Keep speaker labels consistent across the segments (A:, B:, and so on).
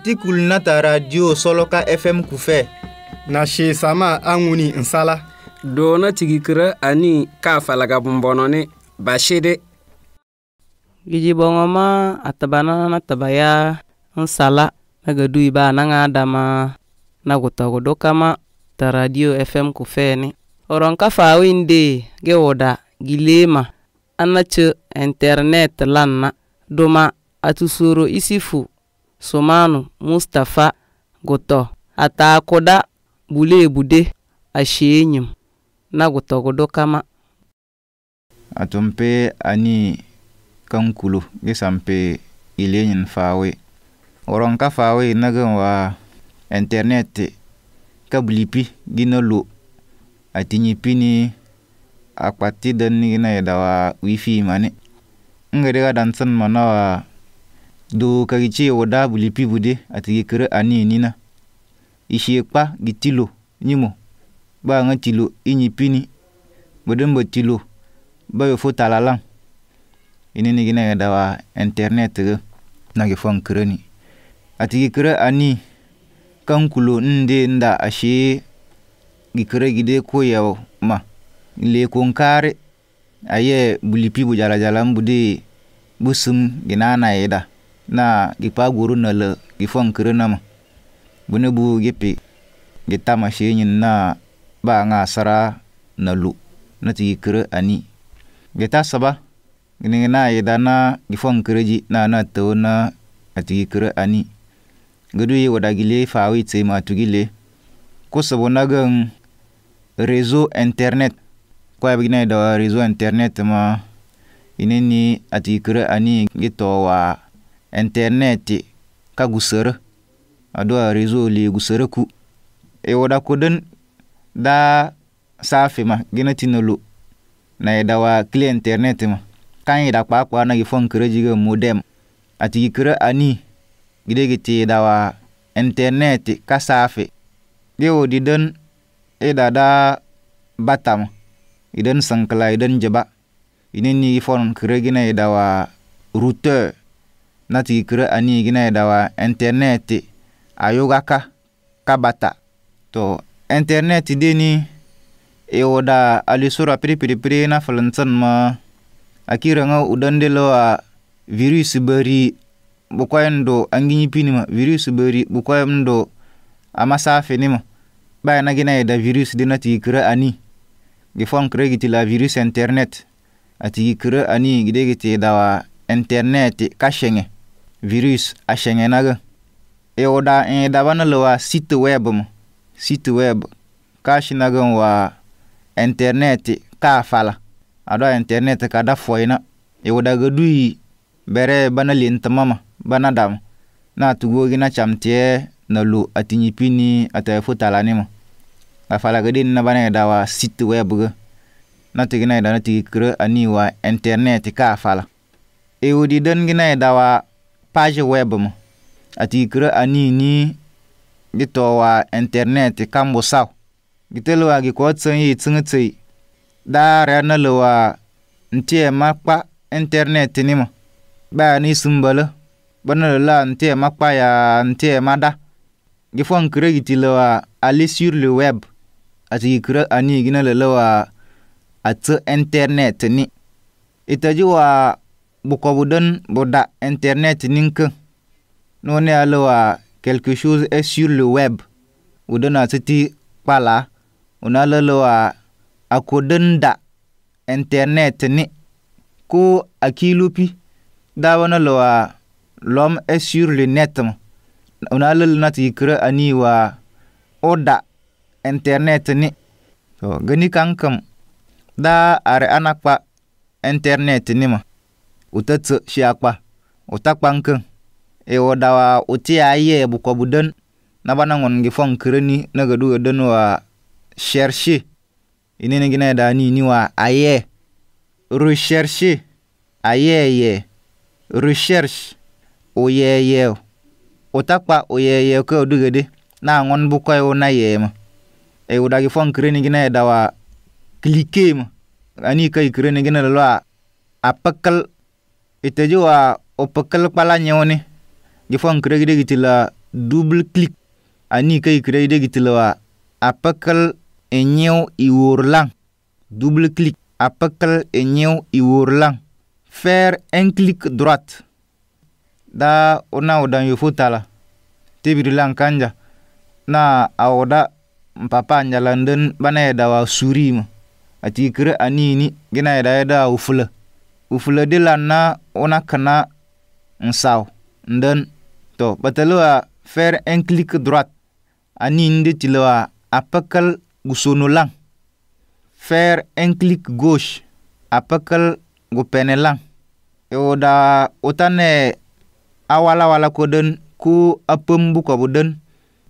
A: Fiti kulina ta radio Soloka FM kufɛ. Na she sama anwuni nsala.
B: Dona tigikira ani ka falaga bumbɔnɔni bashede.
C: Gijibɔngɔma atabana na tabaya nsala na gadu iba nanga dama na gutagudo kama ta radio FM kufɛni. Oron ka fawinde ge woda gilema. Anacho internet lanna doma atusoro isifu sumanu mustapha guto atakuda bude ashenyim na gutogudu kama
A: atumpe ani kankulu gisampe ilenyin fawe woronka fawe nagin wa internet ka blipi gina lo atinyi pini akpati dan gina yada wa wifi mani ngari ga dansan mana wa do kariche woda bulipi bude ati kekere ani nina ishe kpa gi tilo nyimo ba nga tilo inyi pini bodembo tilo ba yo fo talalam ini ni gina dawa internet ge na ge fon kreni ati kekere ani kankulo nde nda ashe gikere ko koyawo ma le konkare aye bulipi bu jala jala mbude busum gina na yeda na gi guru na le gi fon kere na ma bune bu gi pi gi tama shi nyin na ba nga sara na lu na ti kere ani gi ta saba gi na yi da na gi fon ji na na to na ati kere ani gi du yi wada gi le fa wi tse ma tu gile le ko sabo na gan réseau internet ko abi na da réseau internet ma ineni ati kere ani gi wa internet ka gusərə adua rezo le gusərə ku e woda kodən da safe ma gina tinolo na yeda dawa kili internet ma kan yeda kpaakpaa na gifon fon kərə modem ati gi ani gide gi ti dawa internet ka safe ge wo di dən e da bata ma idan sankala idan jaba ini ni gifon fon gina yeda wa router. na tigi kire ani gina edawa interneti ayugaka kabata to interneti deni iwoda alisura piripiripiri na falansan ma akira nga udandelo a virus bari bukwayen do angini pinima virus bari bukwayen do amasafe nima baya na gina eda virus dina tigi kire ani gifon kire giti la virus internet atigi kire ani gidegiti dawa interneti kashenge virus a shɛŋɛnagɛ yo e da en daba na le site web mo site web ka shinagɛ wa internet ka fala ada internet ka da foina yo e da ga dui bere bana lint mama. bana dam na tugogi na chamtie na lo atinyipini ata fotalani mo afala ga din na bana e da wa site web ga na tigi na da na tigi kre ani wa internet ka fala e wodi den gi na da wa page web mo ati kira anini gito wa internet kambo sao gite lewa gi ko tsen yi tsen tsen da ra na lewa ntie ma kpa internet ni mo ba ni sumbala bana la ntie ma kpa ya ntie ma da gi fon kira giti lewa aller sur le web ati kira ani gina lewa at internet ni itaji wa Bukobudon Boda Internet Nink. Non aloa quelque chose est sur le web. a siti pala. Unalaloa da Internet ni. Ko akilupi. Dawana loa lom est sur le net. Unalal nati ikra aniwa oda Internet ni. So, gani kankam da are anakpa Internet ni ma. utetse siapa utapangkeng ewo dawa uti aye buko buden na bana ngon ngi fon kreni na ga duga den wa cherche ini ne gina da ni ni wa aye recherche aye ye recherche o ye utakpa oye ye ko duga de na ngon buko ewo na ye ma ewo da fong fon kreni gina da wa cliquer ma ani kai kreni gina da lo a apakal Ite jua opekel palanya one. Gifon kira kira gitu lah double click. Ani kai kira kira gitu lah apekel i wurlang Double click apekel i wurlang Faire un click droite. Da ona odan lah. la. Tibirilang kanja. Na awoda mpapa njalanden bana ya dawa surima. Ati kira ani ini gina ya da ufula. ufule de la na ona kana nsaw nden to batalewa faire un clic droite ani nde tilewa apakal gusono lang fer un clic gauche apakal gupene lang yoda e utane awala wala ko den ku apembu ko den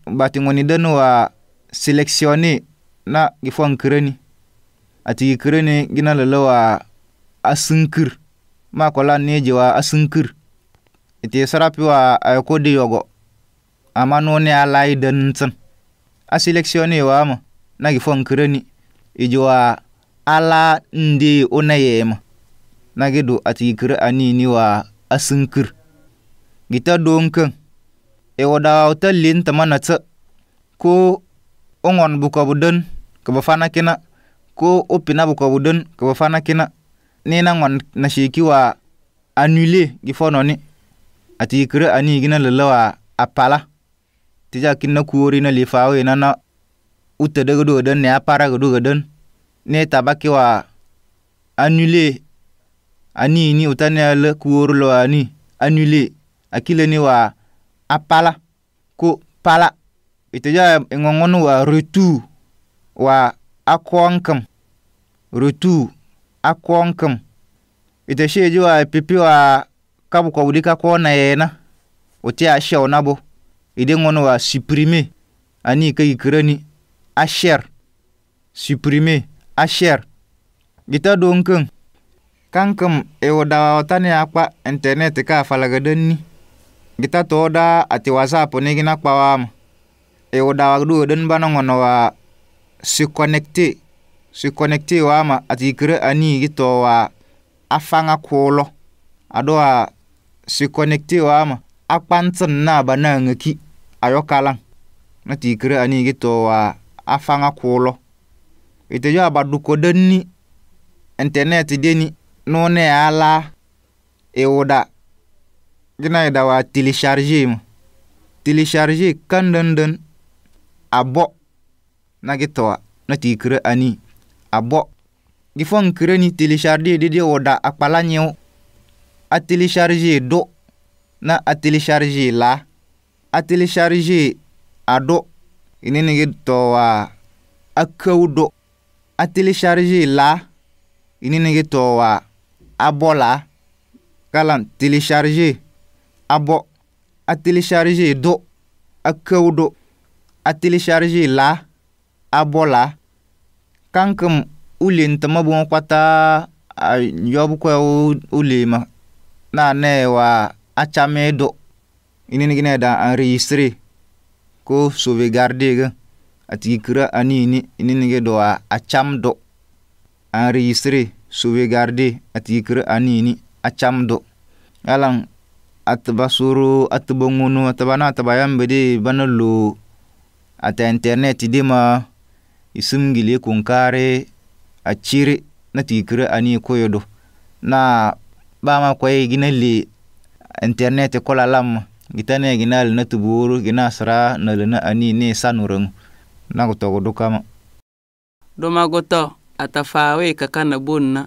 A: bati ngoni den wa sélectionner na gifon kreni ati kreni gina lelewa asinkir ma ko lan ne jewa asinkir ite sarapi wa ay eh, ko de yogo ama no ne alai dan tsan a seleksione wa ma na gi fon i ala ndi onaye ma na gi do ati kir ani ni wa asinkir gita donkan e wada ta lin mana tsa ko ongon buka budan ka bafana kina ko opina buka budan ka bafana kina ninangon na wa anule gi fononi ati kre ani gina lalawa apala tija kinna kuori na lifawo ina na utta de do dan ne apara ga do ne tabaki wa annulé ani ni ne le kuoro lo ani annulé akile ni wa apala ko pala itaja e e ngongonu wa retour wa akonkam retour akonkum ite shejuwa pipiwa kabu kwa wulika kona yena uti ashau nabo ide ngono wa suprime ani kai kirani asher suprime asher gita donkun kankum ewo dawa watani akpa internet ka falagadanni gita to da ati whatsapp ne gina kpawama ewo dawa duwo den bana wa se connecter swi connecte waama ati yikire ani gi to wa afaŋa kuulɔ ado a swi connecte waama akpantsin na bana na ayo ayɔ kalaŋ na ti yikire ani gi to wa afaŋa kuulɔ itejo aba dukodenni internet deni nune ala iwuda gina ida wa télécharger mu télécharger kandenden abo na gitowa na tikire ani abok gifon kire ni tili shardi di woda akpala A atili sharji do na atili sharji la atili sharji ado ini nigi to wa akau do atili sharji la ini nigi to wa abola kalan tili sharji abo atili sharji do akau do atili sharji la abola kankem ule ntama bu kwata yobu kwe uli ma na ne wa achame do ini ni gine da enregistré ko gardi ge ati kira ani ini ini ni do a acham do suve ati ati kira ani ini acham do alang atba suru atba ngunu atba na atba yambe de lu ata internet di ma i sumngili kunkaare a ciri na tigikirö ani koyodu na 'bama kwai ginali internet ko lalam gitane ginali na tuburu gina sara nalu na ani ni sanuren na gutogudu kama
C: domagoto ata fawe kaka na bunna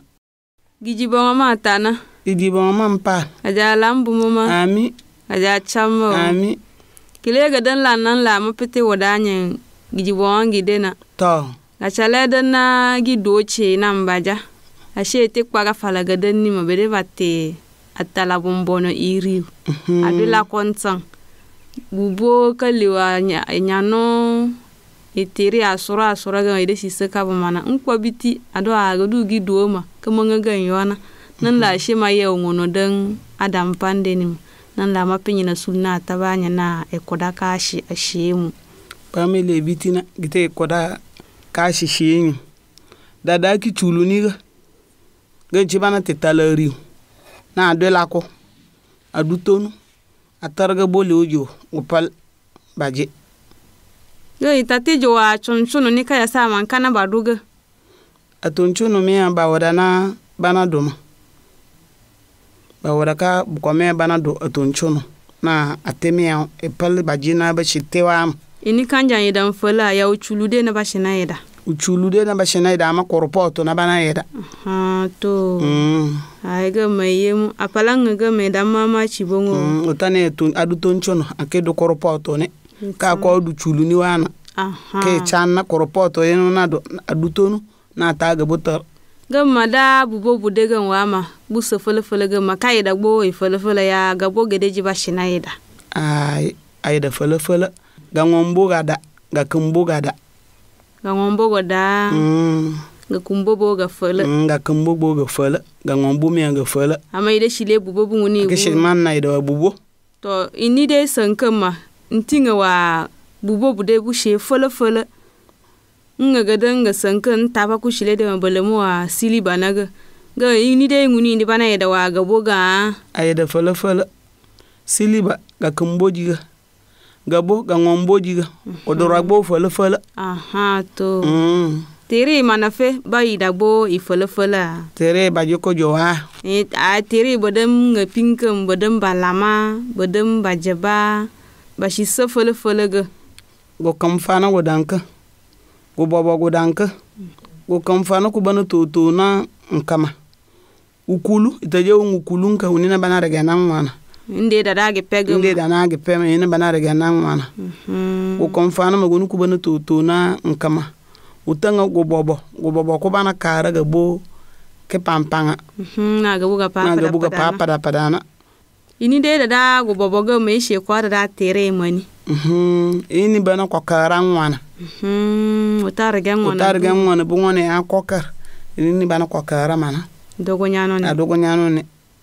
D: giji bo mama tana idi bo mama mpa aja lambu mama ami aja chamo ami kile ga dan lan nan la mpete wadanyen gidi wɔn gide na tɔ atsala ɖe na gidowo tse na mbadza asi ete kpa ka falaga ɖe ni ma te atala iri a mhm. aɖo la kɔntsan bubo ke le wa nyanɔ a asɔrɔ asɔrɔ gɛ eɖe si se ka bama mana nkwa biti aɖo a ɖo gidowo ma ka meŋe ga yona nan la mhm. she ma yɛ dan adam pande ni me ne le ama pe nyina na ataba nyana ekɔɖaka
E: pamele bitina gite koda kashi shenyu dada ki chulu niga ganchi bana tetala riu na adwe lako adutonu atarga bole ojo upal baje
D: yo itate jo wa chunchunu nika ya sama nkana baduga
E: atunchunu mea bawada na bana doma bawada ka bukwamea bana do atunchunu na atemea ipal baje na bashi
D: tewama ini kan jan yedan fola ya uchulude na bashina yeda uchulude na bashina
E: yeda ama korpoto na bana yeda ha to mm.
D: ay mayem
E: apalanga ga meda mama chibongo mm. utane tun adu tonchono akedo korpoto ne ka ko du chuluni wana
D: Aha. ke channa
E: korpoto yenu na do adu na ta butar
D: gamma da bubo bude gan wama busa fola fola gamma kai da gbo fola fola ya gabo gede ji yeda
E: ay ay da fola fola ga ngombo da ga kumbo da. Mm.
D: ga ngombo gada ga kumbo mm, bo ga fele
E: ga kumbo bo ga fele ga ngombo me ga fele
D: ama ida shile bubo bu nguni ga shilman na ida bubo to ini dai sankan ma ntinga wa bubo bude bu she fele fele nga ga danga sankan taba ku shile da balamo wa sili banaga ga ini dai nguni ni bana ida wa ga boga
E: ayida fele fele siliba ga kumbo jiga gabo ga ngombo jiga odora mhm. gbo fele fele
D: aha to
E: mm.
D: tere mana fe ba ida gbo i fele fele
E: tere ba joko jo ha
D: eh, a tere bodem nga pinkem bodem ba lama bodem ba jaba ba shi se fele fele ga
E: go kam fana go danka go bobo go danka go kam fana ku bana to to na nkama ukulu itaje un ukulu nka unina bana daga nan wana inde da dage pege inde da nage pema ina bana rege na mana ko mhm. kon fana ma gonu kubana to to na nkama utanga go bobo go bobo ko bana kara ga bo ke pampanga
D: mhm, na ga buga papa na ga buga papa da padana ini de da go bobo ga me shi ko da tere mani
E: mhm, ini bana ko kara nwana
D: utar ga mana? utar ga mana
E: bu ngone akokar ya ini bana ko kara mana
D: dogo nyano ne
E: dogo nyano ne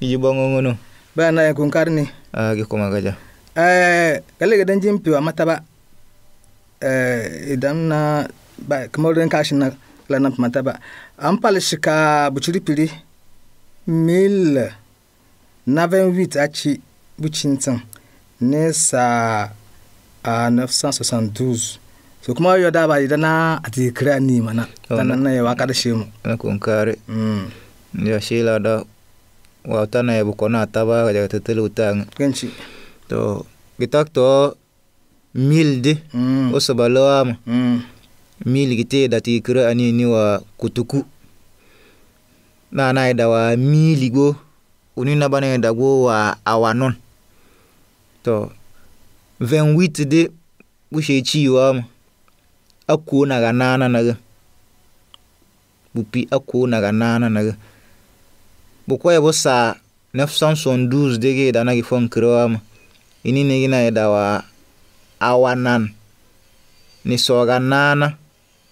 A: iji bongo ngono ba na kun karni ah gi kuma gaja eh kale gadan jimpi wa mataba
E: eh idan na ba kamar ran kashin na lanan mataba an palishi ka buchiri pili mil 98 a ci bucintin nesa a 972 so kuma oh, yau mm. da ba idan na a ti kira ni mana nan
A: na yawa karshe mu na kunkare ya shi lada watana ya bukonata ba ya tetele utang kenchi to gitak to mildi mm. o sobalawama mm. mil gite dati kira ani ni wa kutuku na na da wa mili go uni bana da go wa awanon to 28 de bushe ciwa ma akko na ga na ga bupi akko na na ga bu ko yebo sa 972 dege da na gifon kirowama ini nigi na dawa awa nan ni soga nana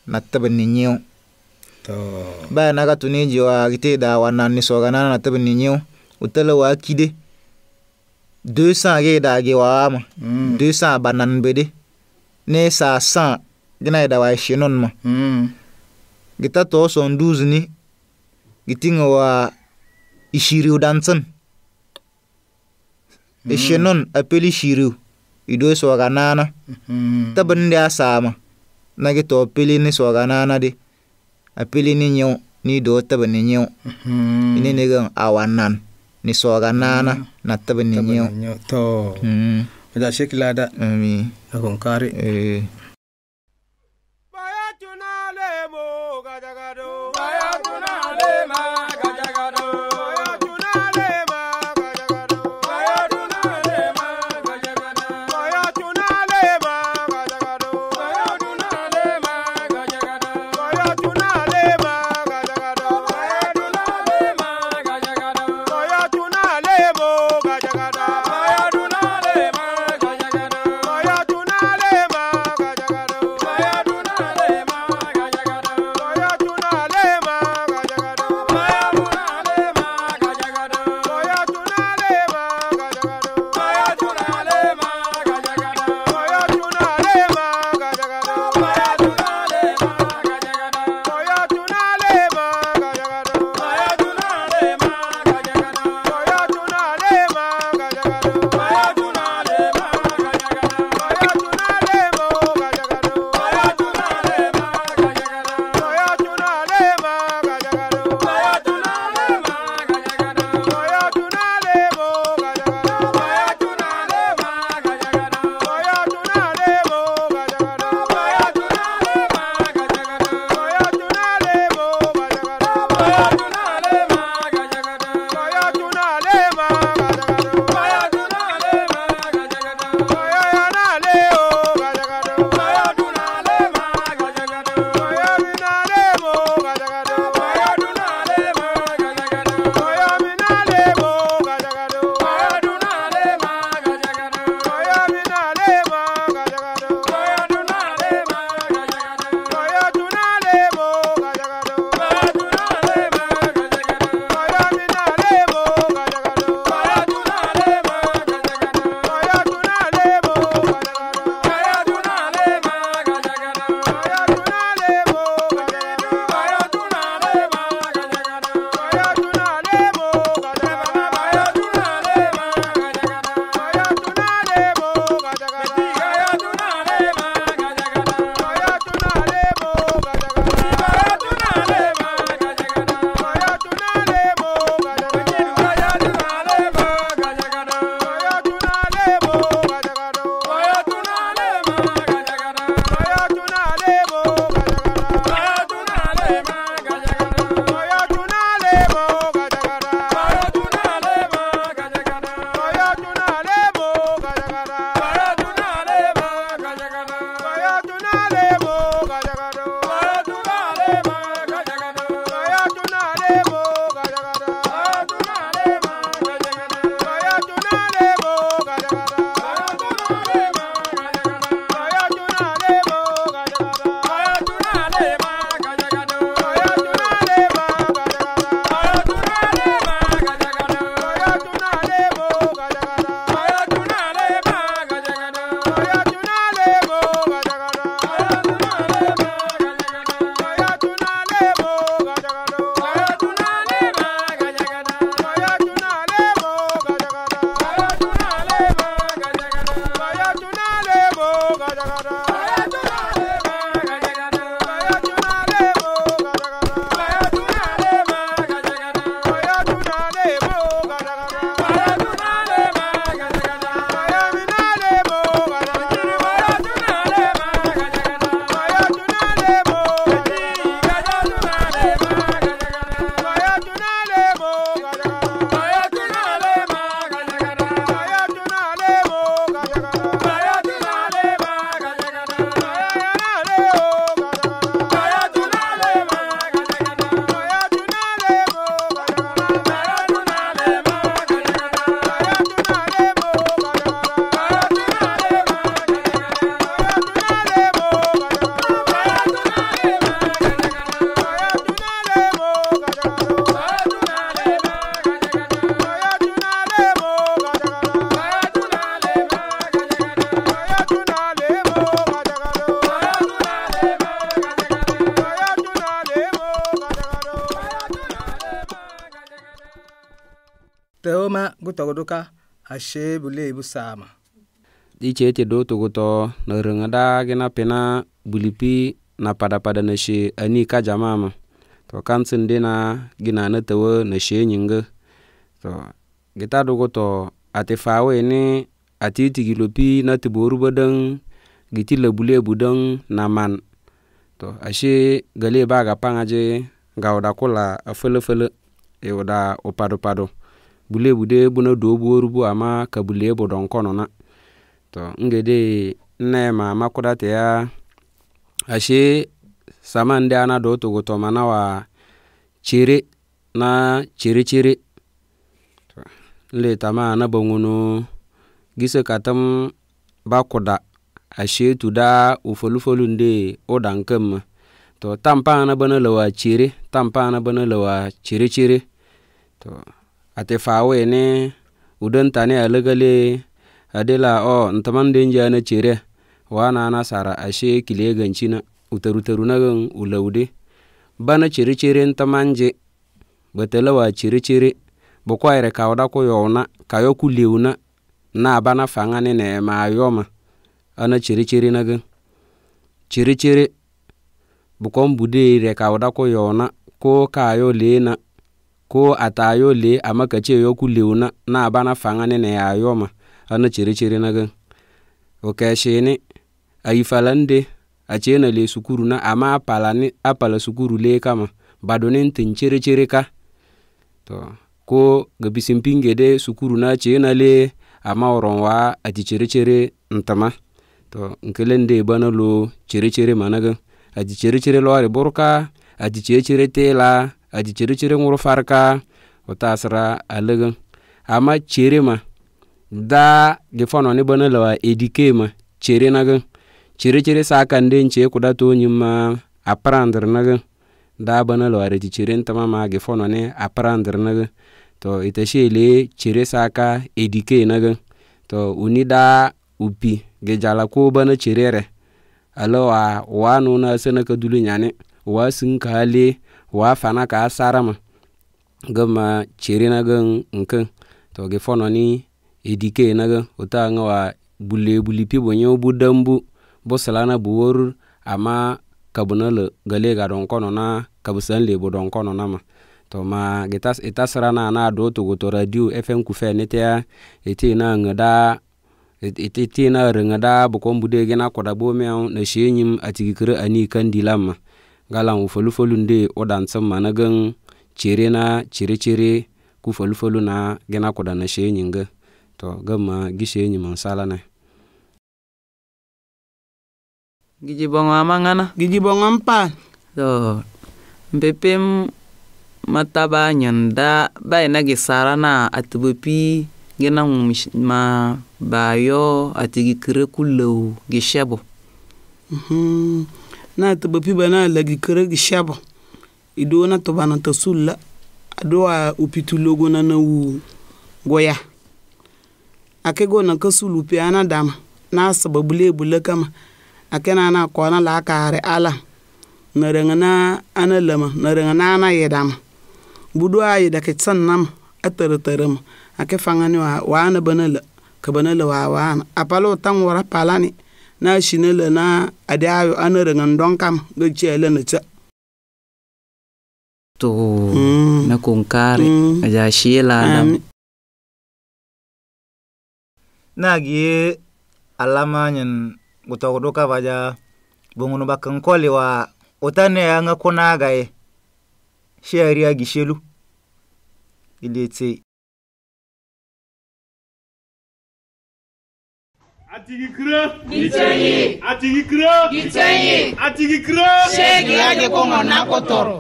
A: na taba ni ba ya naga tuni jiwa gite da awanan ni soga nana na taba ni nyiu utala wa kide cents ge da ge wa ma deux cents banan bede ne sa san gina da wa shinon ma mm. gita to son 12 ni gitinga wa ishiriu dansen. Hmm. Ishinun apeli shiru ido swaga nana. Hmm. Tabin dia sama. Nagi to apeli ni swaga nana di. Apeli ni nyo ni do tabin ni nyo. Hmm. Ini negang awanan. Ni swaga nana na tabin ni nyo. To. Hmm. Ada sekilada Amin. Aku kari. Eh.
E: teoma gutoguduka ashe bule busama
B: iche ete do togoto na renga da gina pena bulipi na pada pada na she ani ka jamama to kansin de na gina na tawo na she nyinga to gita dogoto ate fawe ni ati tikilopi na tiboru badan giti labule budan na man to ashe gali ba ga pangaje ga oda kula afele fele e oda opado pado, bule bude buna do buoru bu ama ka bule bu don kono na to ngede nne ma makuda te ya ashe sama ndị ana do to goto mana wa chere na chere chere ta ma na banwunu gise katam bakuda ashe tuda ufolufolu ndị ụda nke mma to tampa na bana lawa chere tampa na bana lawa chere chere to ate fawene udon tani alagale adela o oh, ja na chere wana sara, ashe kile gancina utaru-taru gan ulaude bana cere-cere ntamanje batalawa cere-cere bukwaire kawda ku ka kayo ku lewna na bana fanga ni ne ma yoma ana cere-cere chere cere bu bukon bude rekawda ku yowna ko ko ka kayo lena a taa yo le ma ka che yo ku leu na na bana fanga ne ne ya yo ma ana chere chere na gan o ka she ne ayi falande a che na le sukuru na ama ne a pala sukuru le kama bado ne tin chere chere ka to ko ga bisin pinge de sukuru na che na le ama oron wa ati chere chere ntama to nkelende bana lo na chere a ti chere chere lo ari a ti chere chere tela aji cere cere nguro farka uta sra alegan amma cere ma da gifono ni bana lawa edike ma cere nageng cere cere sakande nce kuda tonyi ma aprendre nagan da bana lawa reti cere ntama ma gifono ni aprendre nagan to ita e shi le sa saka edike nagan to uni da upi gejala ko bana cerere alawa wa na sana ka dulu nyane wa sun ka wa fana ka a sarama gi ma cheri na gi nkin to gi fono ni edike na gi ota nga wa bule buli pi bonyo bu dambu bo salana bu wor ama kabuna le gale ga don kono na kabusan le bo don kono na ma to ma gitas itasra e na na do to go to radio fm ku fe ne tia eti na ngada eti e na renga da bu ko bude gi na koda bo me na shenyim atigikere ani kan dilama gala ŋu folufolu nde wo dan tsə manə gən cere na cere-cere ku folufolu na gi na kuɗa nə she nyi gə to gə mə gi she nyi mənsalanə
C: Giji bɔŋɔ amaŋana. Giji bɔŋɔ mpa. To, mpepem mataba nyanda bai e na gi na atibopi gi na ŋum ma bayo ati gi kire kulou gi shebo.
E: Mm -hmm. na ta bafi ba na lagi kare kere gi sia bɔ ta na tɔba na tesu le aɖewoa wopitu logo na wu goya ake go na ka sulu pe ana dama na sebe bule bule kama ake na na kɔ na la kaare ala na reŋe na ana lama, na reŋe na ana ya dama a yi dake can nam tare ma a ake fanga ne wa ana ka bana la wa wa ana a palo tan wara pala palani na shine le na ade ayo ane re ngan don kam ge che le ne che
D: to
C: mm. na kon kare mm. aja shi la um.
A: na gi alama nyen gutogo do ka baja bongunu bakan kole wa otane ya nga kuna gae shi ari agishelu ilete Atigi kira. Gitsenyi. Atigi kira. Gitsenyi. Atigi kira. Segi aje ko ngona ko toro.